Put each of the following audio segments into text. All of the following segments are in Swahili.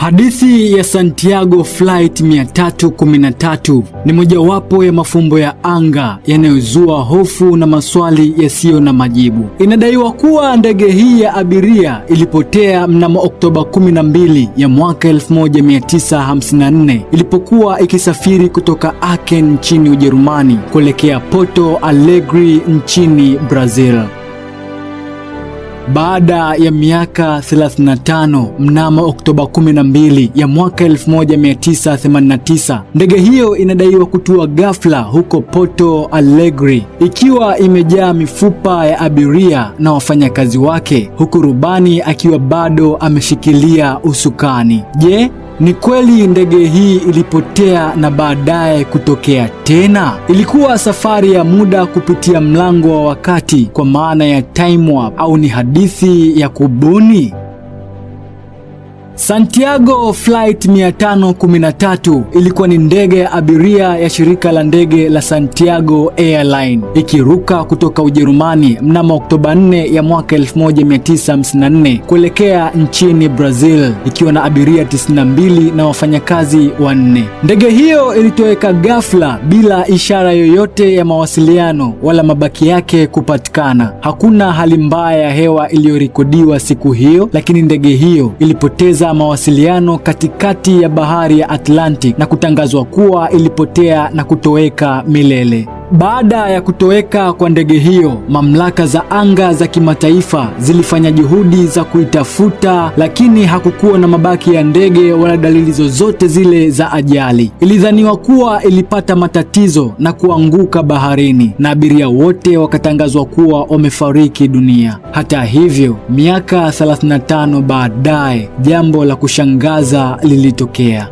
Hadithi ya Santiago Flight 313 ni mojawapo ya mafumbo ya anga yanayozua hofu na maswali yasiyo na majibu. Inadaiwa kuwa ndege hii ya abiria ilipotea mnamo Oktoba 12 ya mwaka 1954 ilipokuwa ikisafiri kutoka Aachen nchini Ujerumani kuelekea Porto Alegre nchini Brazil. Baada ya miaka 35 mnamo Oktoba 12 ya mwaka 1989 ndege hiyo inadaiwa kutua ghafla huko Porto Alegre ikiwa imejaa mifupa ya abiria na wafanyakazi wake, huku rubani akiwa bado ameshikilia usukani. Je, ni kweli ndege hii ilipotea na baadaye kutokea tena? Ilikuwa safari ya muda kupitia mlango wa wakati, kwa maana ya time warp, au ni hadithi ya kubuni? Santiago Flight 513 ilikuwa ni ndege ya abiria ya shirika la ndege la Santiago Airline ikiruka kutoka Ujerumani mnamo Oktoba 4 ya mwaka 1954 kuelekea nchini Brazil ikiwa na abiria 92 na wafanyakazi wanne. Ndege hiyo ilitoweka ghafla bila ishara yoyote ya mawasiliano wala mabaki yake kupatikana. Hakuna hali mbaya ya hewa iliyorekodiwa siku hiyo, lakini ndege hiyo ilipoteza mawasiliano katikati ya bahari ya Atlantic na kutangazwa kuwa ilipotea na kutoweka milele. Baada ya kutoweka kwa ndege hiyo, mamlaka za anga za kimataifa zilifanya juhudi za kuitafuta, lakini hakukuwa na mabaki ya ndege wala dalili zozote zile za ajali. Ilidhaniwa kuwa ilipata matatizo na kuanguka baharini na abiria wote wakatangazwa kuwa wamefariki dunia. Hata hivyo, miaka 35 baadaye, jambo la kushangaza lilitokea.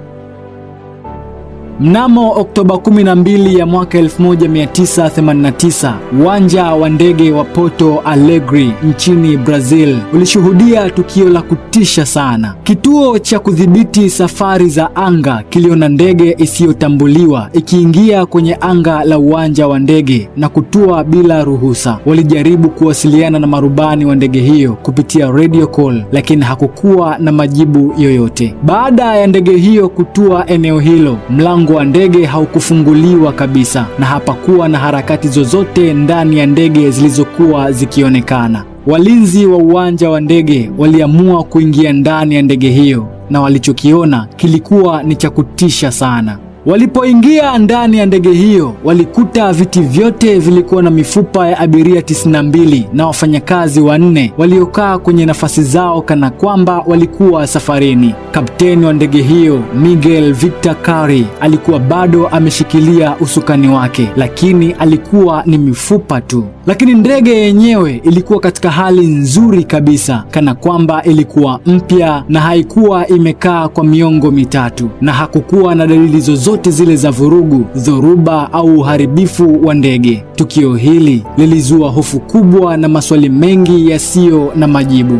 Mnamo Oktoba 12 ya mwaka 1989, uwanja wa ndege wa Porto Alegre nchini Brazil ulishuhudia tukio la kutisha sana. Kituo cha kudhibiti safari za anga kiliona ndege isiyotambuliwa ikiingia kwenye anga la uwanja wa ndege na kutua bila ruhusa. Walijaribu kuwasiliana na marubani wa ndege hiyo kupitia radio call, lakini hakukuwa na majibu yoyote. Baada ya ndege hiyo kutua eneo hilo, mlango mlango wa ndege haukufunguliwa kabisa na hapakuwa na harakati zozote ndani ya ndege zilizokuwa zikionekana. Walinzi wa uwanja wa ndege waliamua kuingia ndani ya ndege hiyo na walichokiona kilikuwa ni cha kutisha sana. Walipoingia ndani ya ndege hiyo walikuta viti vyote vilikuwa na mifupa ya abiria 92 na wafanyakazi wanne waliokaa kwenye nafasi zao kana kwamba walikuwa safarini. Kapteni wa ndege hiyo Miguel Victor Carey alikuwa bado ameshikilia usukani wake, lakini alikuwa ni mifupa tu. Lakini ndege yenyewe ilikuwa katika hali nzuri kabisa, kana kwamba ilikuwa mpya na haikuwa imekaa kwa miongo mitatu, na hakukuwa na dalili zozote zote zile za vurugu, dhoruba au uharibifu wa ndege. Tukio hili lilizua hofu kubwa na maswali mengi yasiyo na majibu.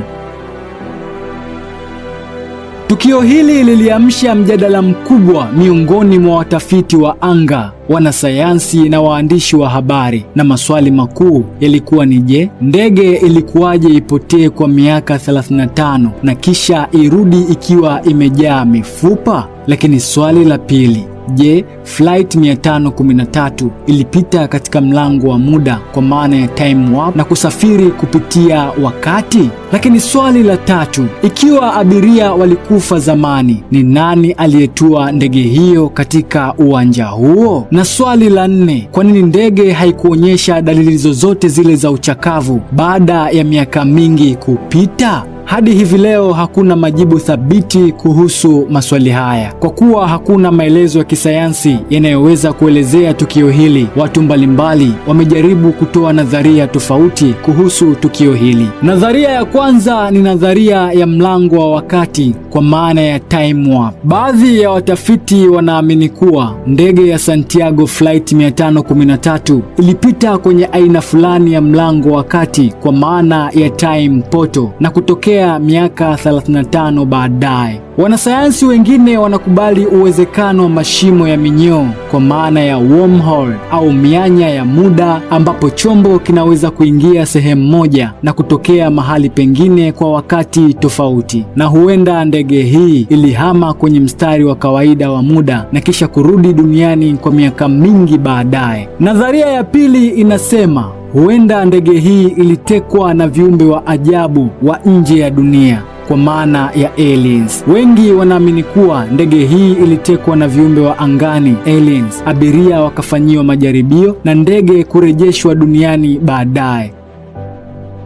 Tukio hili liliamsha mjadala mkubwa miongoni mwa watafiti wa anga, wanasayansi na waandishi wa habari, na maswali makuu yalikuwa ni je, ndege ilikuwaje ipotee kwa miaka 35 na kisha irudi ikiwa imejaa mifupa? Lakini swali la pili, Je, flight 513 ilipita katika mlango wa muda kwa maana ya time warp na kusafiri kupitia wakati? Lakini swali la tatu, ikiwa abiria walikufa zamani, ni nani aliyetua ndege hiyo katika uwanja huo? Na swali la nne, kwa nini ndege haikuonyesha dalili zozote zile za uchakavu baada ya miaka mingi kupita? Hadi hivi leo hakuna majibu thabiti kuhusu maswali haya. Kwa kuwa hakuna maelezo ya kisayansi yanayoweza kuelezea tukio hili, watu mbalimbali wamejaribu kutoa nadharia tofauti kuhusu tukio hili. Nadharia ya kwanza ni nadharia ya mlango wa wakati kwa maana ya time warp. Baadhi ya watafiti wanaamini kuwa ndege ya Santiago Flight 513 ilipita kwenye aina fulani ya mlango wa kati kwa maana ya time portal na kutokea miaka 35 baadaye. Wanasayansi wengine wanakubali uwezekano wa mashimo ya minyoo kwa maana ya wormhole au mianya ya muda ambapo chombo kinaweza kuingia sehemu moja na kutokea mahali pengine kwa wakati tofauti, na huenda ndege hii ilihama kwenye mstari wa kawaida wa muda na kisha kurudi duniani kwa miaka mingi baadaye. Nadharia ya pili inasema huenda ndege hii ilitekwa na viumbe wa ajabu wa nje ya dunia kwa maana ya aliens. Wengi wanaamini kuwa ndege hii ilitekwa na viumbe wa angani aliens, abiria wakafanyiwa majaribio na ndege kurejeshwa duniani baadaye.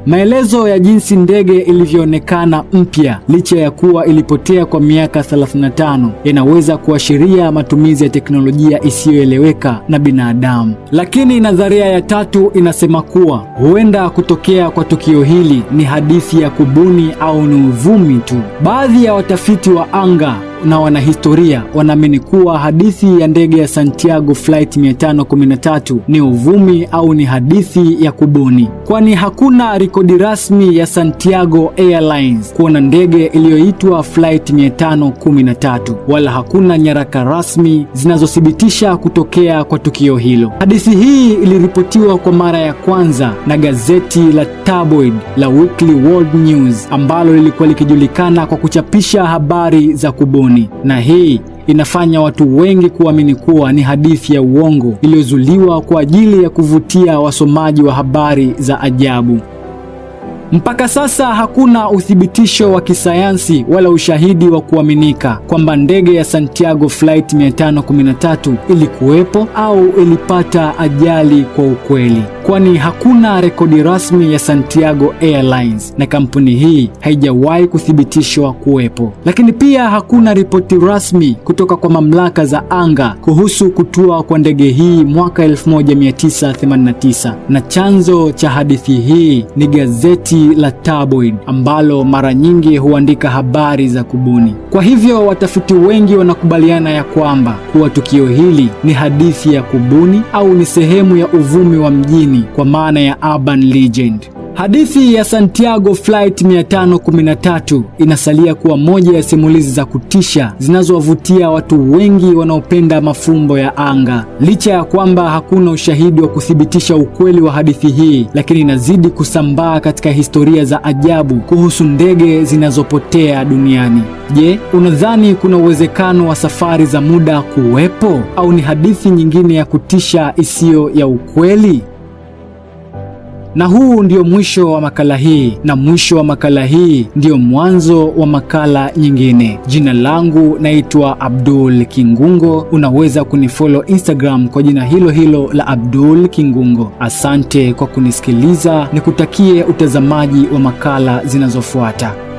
Maelezo ya jinsi ndege ilivyoonekana mpya licha ya kuwa ilipotea kwa miaka 35 yanaweza kuashiria matumizi ya teknolojia isiyoeleweka na binadamu. Lakini nadharia ya tatu inasema kuwa huenda kutokea kwa tukio hili ni hadithi ya kubuni au ni uvumi tu. Baadhi ya watafiti wa anga na wanahistoria wanaamini kuwa hadithi ya ndege ya Santiago Flight 513 ni uvumi au ni hadithi ya kubuni, kwani hakuna rekodi rasmi ya Santiago Airlines kuona ndege iliyoitwa Flight 513 wala hakuna nyaraka rasmi zinazothibitisha kutokea kwa tukio hilo. Hadithi hii iliripotiwa kwa mara ya kwanza na gazeti la tabloid la Weekly World News ambalo lilikuwa likijulikana kwa kuchapisha habari za kubuni mwanzoni, na hii inafanya watu wengi kuamini kuwa ni hadithi ya uongo iliyozuliwa kwa ajili ya kuvutia wasomaji wa habari za ajabu. Mpaka sasa hakuna uthibitisho wa kisayansi wala ushahidi wa kuaminika kwamba ndege ya Santiago Flight 513 ilikuwepo au ilipata ajali kwa ukweli kwani hakuna rekodi rasmi ya Santiago Airlines na kampuni hii haijawahi kuthibitishwa kuwepo. Lakini pia hakuna ripoti rasmi kutoka kwa mamlaka za anga kuhusu kutua kwa ndege hii mwaka 1989 na chanzo cha hadithi hii ni gazeti la Tabloid ambalo mara nyingi huandika habari za kubuni. Kwa hivyo watafiti wengi wanakubaliana ya kwamba kuwa tukio hili ni hadithi ya kubuni au ni sehemu ya uvumi wa mjini kwa maana ya Urban Legend. Hadithi ya Santiago Flight 513 inasalia kuwa moja ya simulizi za kutisha zinazowavutia watu wengi wanaopenda mafumbo ya anga. Licha ya kwamba hakuna ushahidi wa kuthibitisha ukweli wa hadithi hii, lakini inazidi kusambaa katika historia za ajabu kuhusu ndege zinazopotea duniani. Je, unadhani kuna uwezekano wa safari za muda kuwepo au ni hadithi nyingine ya kutisha isiyo ya ukweli? Na huu ndio mwisho wa makala hii, na mwisho wa makala hii ndio mwanzo wa makala nyingine. Jina langu naitwa Abdul Kingungo. Unaweza kunifollow Instagram kwa jina hilo hilo la Abdul Kingungo. Asante kwa kunisikiliza, nikutakie utazamaji wa makala zinazofuata.